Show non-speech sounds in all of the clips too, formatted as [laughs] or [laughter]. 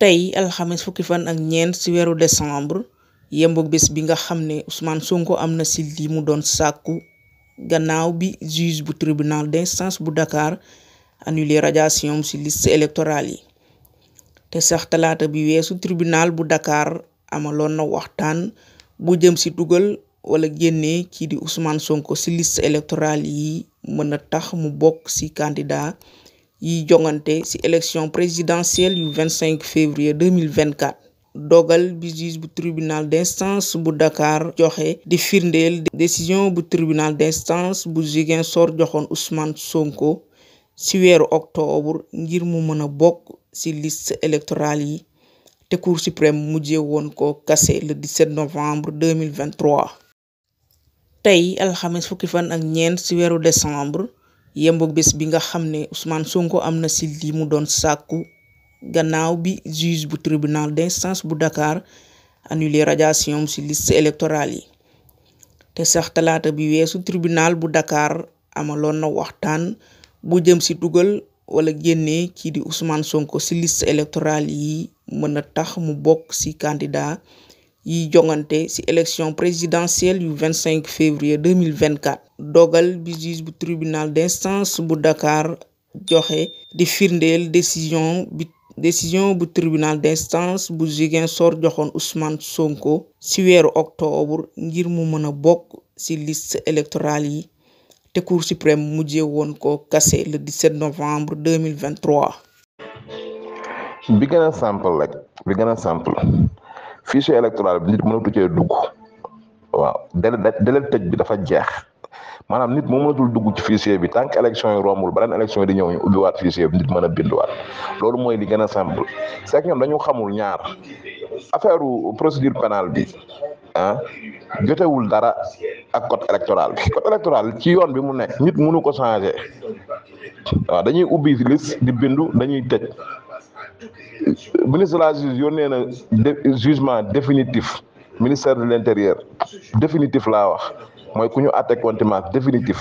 Tay alxames fukki fan ak ñeen ci wéru décembre yemboog bes bi nga xamné Ousmane Sonko amna ci li mu doon sakku gannaaw bi juge bu tribunal d'instance bu Dakar annulé radiation si liste électorale yi té sax talata bi wésu tribunal bu Dakar amalon na waxtaan bu jëm si dugal wala ki di Ousmane Sonko si liste électorale yi mëna tax mu bok si candidat yi jongante ci élection présidentielle yu 25 février 2024 dogal bi juge bu tribunal d'instance bu Dakar joxe di firndeel décision bu tribunal d'instance bu Ziguinchor joxoon Ousmane Sonko ci weeru octobre ngir mu mën a bokk ci liste électorale yi te Cour suprême mujje woon ko kase le 17 novembre 2023 tey alxames fukki fan ak ñeent ci weeru décembre yemboog bés bi nga xam ne Ousmane Sonko am na si li mu doon sàkku gannaaw bi juge bu tribunal d'instance bu Dakar annulé radiation si liste électorale yi te sax talaata bi weesu tribunal bu Dakar amaloon na waxtaan bu jëm si dugal wala génnee kii di Ousmane Sonko si liste électorale yi mën a tax mu bokk si candidat yi jongante ci élection présidentielle du 25 février 2024 dogal bi juge bu tribunal d'instance bu Dakar joxe di firndeel décision bi décision bu tribunal d'instance bu Sor joxone Ousmane Sonko ci octobre ngir mu mën bok ci liste électorale yi te Cour suprême mujjé won ko kase le 17 novembre 2023. bi gën a simple rek bi gën sample. simple. fichier électoral bi nit mënatu cee dugg waaw délai délai tëj bi dafa jeex maanaam nit moo mënatul dugg ci fichier bi tant que élection yi rombul beneen élection yi di ñëw ñu ubbiwaat fichier bi nit mën a binduwaat loolu mooy li gën a simple c'est que ñoom dañu xamul ñaar affaire procédure pénale bi ah jotewul dara ak code électoral bi code électoral ci yoon bi mu nekk nit mënu ko changer waaw dañuy ubbi liste di bindu dañuy tëj. ministre de la justice yónnee na jugement définitif ministère de l' intérieur définitif laa wax mooy ku ñu àtte contumace définitif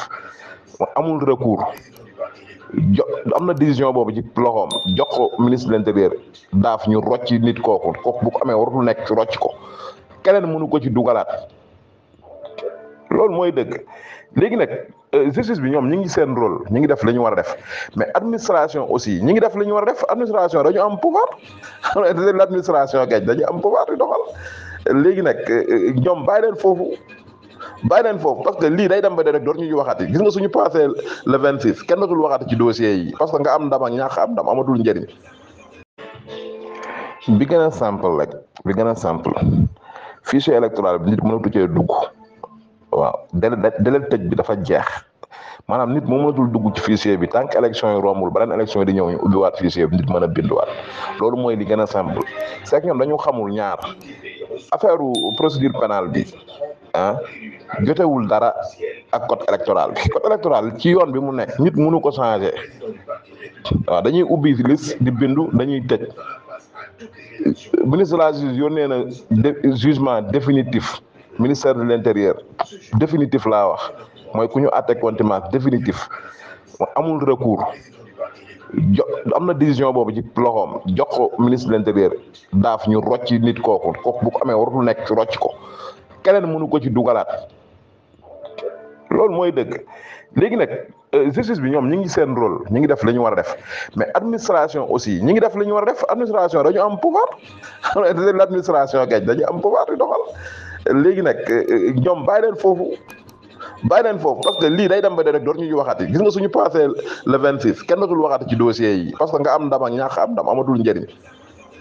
amul recours jo am na décision boobu ci loxoom jox ko ministre de l' intérieur daaf ñu rocc nit kooku kooku bu ko amee nekk rocc ko keneen mënu ko ci dugalaat. loolu mooy dëgg léegi nag euh, justice bi ñoom ñu ngi seen rôle ñi ngi def la ñu war a def mais administration aussi ñu ngi def la ñu war a def administration dañu am pouvoir l' [laughs] administration gañ dañu am pouvoir di doxal léegi nag euh, ñoom bàyyi leen foofu bàyyi leen foofu parce que lii day dem ba de rek door ñu waxaat yi gis nga suñu passé le vingt six kenn dootul waxaat ci dossier yi parce que nga am ndam ak ñàkk am ndam amatul njëriñ bi gën a simple rek bi gën a simple fichier électoral bi nit mënatu cee dugg waaw délai délai tëj bi dafa jeex maanaam nit moo mënatul dugg ci fichier bi tant que élection yi rombul beneen élection yi di ñëw ñu ubbiwaat fichier bi nit mën a binduwaat loolu mooy li gën a simple c'est que ñoom xamul ñaar affaire procédure pénale bi ah jotewul dara ak code électoral bi code électoral ci yoon bi mu nekk nit mënu ko changer waaw dañuy ubbi liste di bindu dañuy tëj ministre la justice yónnee na jugement définitif. ministère de l' intérieur définitif laa wax mooy ku ñu àtte contumace définitif amul recours jo am na décision boobu ci loxoom jox ko ministre de l' intérieur daaf ñu rocc nit kooku kooku bu ko amee warul nekk rocc ko keneen mënu ko ci dugalaat loolu mooy dëgg léegi nag euh, justice bi ñoom ñu ngi seen rôle ñu ngi def la ñu war a def mais administration aussi ñi ngi def la ñu war a def administration dañu am pouvoir l' [laughs] administration gaj dañu am pouvoir di doxal. léegi nag euh, euh, ñoom bàyyi leen foofu bàyyi leen foofu parce que lii day dem ba de rek door ñu waxaat yi gis nga suñu passé le vingt six kenn dootul waxaat ci dossier yi parce que nga am ndam ak ñàkk am ndam amatul njariñ